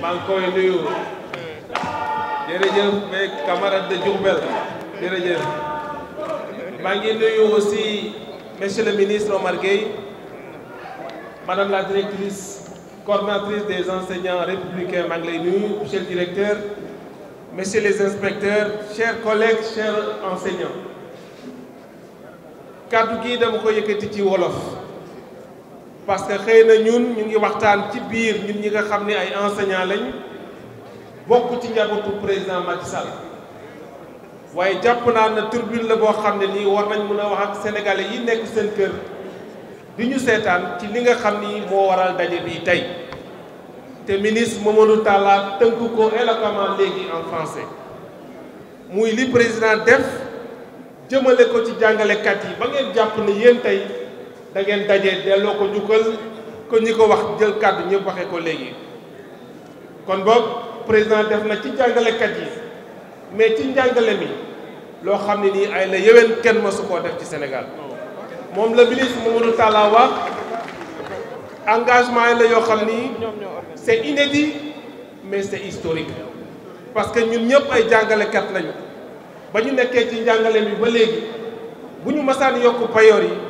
maa ngi koy nuyu jërëjëf mes de Diourbel jërëjëf maa nuyu aussi monsieur le ministre Omar Gueye madame la directrice coordonnatrice des enseignants républicains maa monsieur le directeur messieurs les inspecteurs chers collègues chers enseignants kàddu gi dama ko wolof parce que xëy na ñun ñu ngi waxtaan ci biir ñun ñi nga xam ne ay enseignants lañ bokk ci njabootu président Macky Sall waaye jàpp naa ne tribune la boo xam ne nii war nañ mën a wax ak sénégalais yi nekk seen kër di ñu seetaan ci li nga xam ni moo waral daje bi tey te ministre Mamadou Talla tënk ko éloquemment léegi en français muy li président def jëmale ko ci jàngalekat yi ba ngeen jàpp ne yéen tey da ngeen daje delloo ko njukkal ko ñiko wax jël kàddu ñëpp waxé ko légui kon bok président def na ci jangalé kat yi mais ci jangalé mi lo xam ni ay la yéwén kenn mësu ko def ci Sénégal mom la ministre Mamadou Talla wax engagement la yo xamni c'est inédit mais c'est historique parce que ñun ñëpp ay jàngalekat lañu ba ñu nekkee ci jangalé mi ba légui buñu ñu masaan yokk yi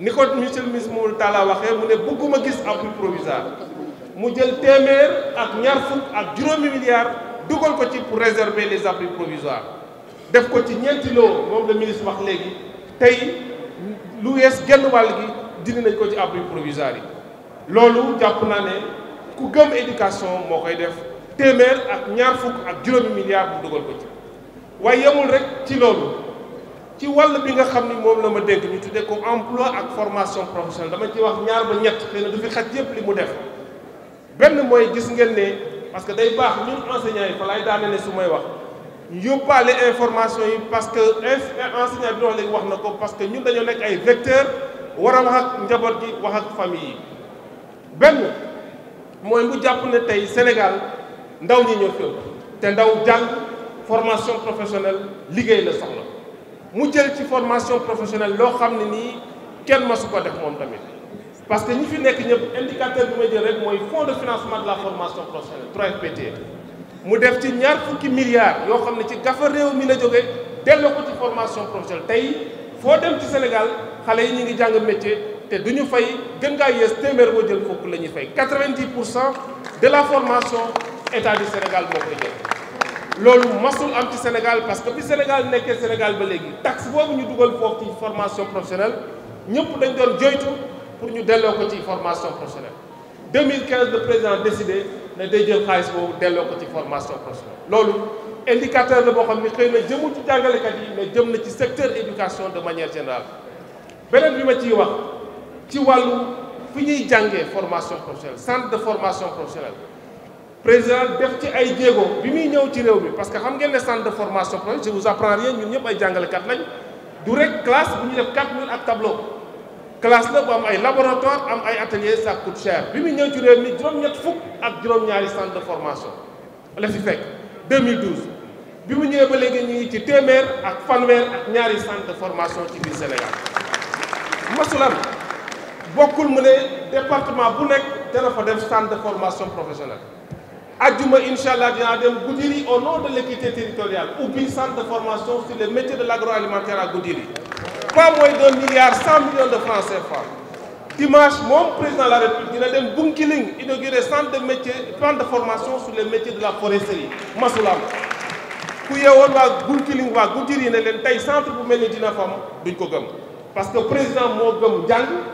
ni ko monsieur le waxe Mamadou mu ne bëgguma gis abri provisoire mu jël témèr ak ñaar fukk ak juróomi milliards dugal ko ci pour réserver les abris provisoires def ko ci ñeenti lo mom le ministre wax légui tay lu wees genn wal gi dindi nañ ko ci abri provisoire lolu loolu jàpp naa ku gëm éducation moo koy def témèr ak ñaar fukk ak juróomi milliards mu dugal ko ci way yamul rek ci lolu ci wàll bi nga xamni mom moom la ma dégg ñu tuddé ko emploi ak formation professionnelle dama ci wax ñaar ba ñett xëy du fi xat yépp li mu def benn mooy gis ngeen ne parce que day baax ñun enseignant yi fa lay daane ne su may wax ñu yóbbaale information yi parce que enseignant bi wax léegi wax na ko parce que ñun dañoo nekk ay vecteurs war a wax ak njaboot gi wax ak famille yi benn mooy mu jàpp ne tey Sénégal ndaw ñi ñoo fi te ndaw jàng formation professionnelle liggéey la soxla mu jël ci formation professionnelle lo xamni ni kenn masu ko def moom tamit parce que ñi fi nek ñep indicateur bu may jël rek moy fonds de financement de la formation professionnelle 3FPT mu def ci ñaar fukki milliards yo xamni ci gafa rew mi la jógee delloo ko ci formation professionnelle tay fo dem ci Sénégal xalé yi ñi ngi jang métier té duñu fay gën ngaa yes témer bo jël fukk la ñuy fay 90 de la formation état du Sénégal moo jël loolu masul am ci Sénégal parce que bi Sénégal nekkee Sénégal ba légui taxe bobu ñu duggal foofu ci formation professionnelle ñëpp dañ doon joytu pour ñu délo ko ci formation professionnelle 2015 le président décidé ne day jël bobu délo ko ci formation professionnelle L'indicateur indicateur la bo xamni xeyna ci kat yi mais jëm na ci secteur éducation de manière générale beneen bi ma ci wax ci walu fi ñuy jàngee formation professionnelle centre de formation professionnelle président def ci ay Diego bi mi ñew ci réew mi parce que xam ngeen le centre de formation projet je vous apprends rien ñun ñep ay jangale kat lañ du rek classe bu ñu def 4000 ak tableau classe la bu am ay laboratoire am ay atelier ça coûte cher bi mi ñew ci réew mi juróom ñet fuk ak juróom-ñaari centre de formation la fi fekk 2012 bi mu ñewé ba léegi ñu ngi ci témèr ak fanwer ak ñaari centre de formation ci biir Sénégal masulam bokul mu né département bu nek dana fa def centre de formation professionnelle ajjuma inshallah, dina a dem Goudiri au nom de l'équité territoriale bien centre de formation sur les métiers de l'agroalimentaire à Goudiri pas moins 2 milliard 100 millions de francs CFA dimanche mon président de la République dina dem Bunkiling il centre de métier centre de formation sur les métiers de la foresterie Masoulam. ku yeewoon Bunkiling wa Goudiri ne leen centre bu mel dina fam parce que le président moo gëm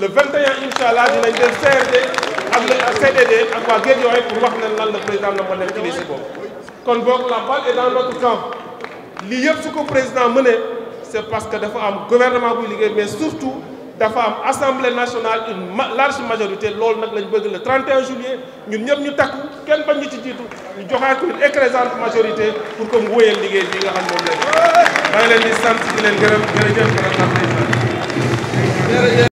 le 21 inchallah allah dinañ def CRD ak le CDD ak waa Guédiawaye pour wax na lan le président na ma def ci liste boobu. kon bok la balle est dans notre camp li yëpp su ko président mené c'est parce que dafa am gouvernement buy liggéey mais surtout dafa am assemblée nationale une large majorité lol nak lañ bëgg le 31 juillet ñun ñëpp ñu takku kenn bañ ñu ci jitu ñu joxaat ko une écrasante majorité pour que mu wéyal liggéey bi nga xam mom lañ. maa ngi leen di sant di leen gërëm jërëjëf madame la président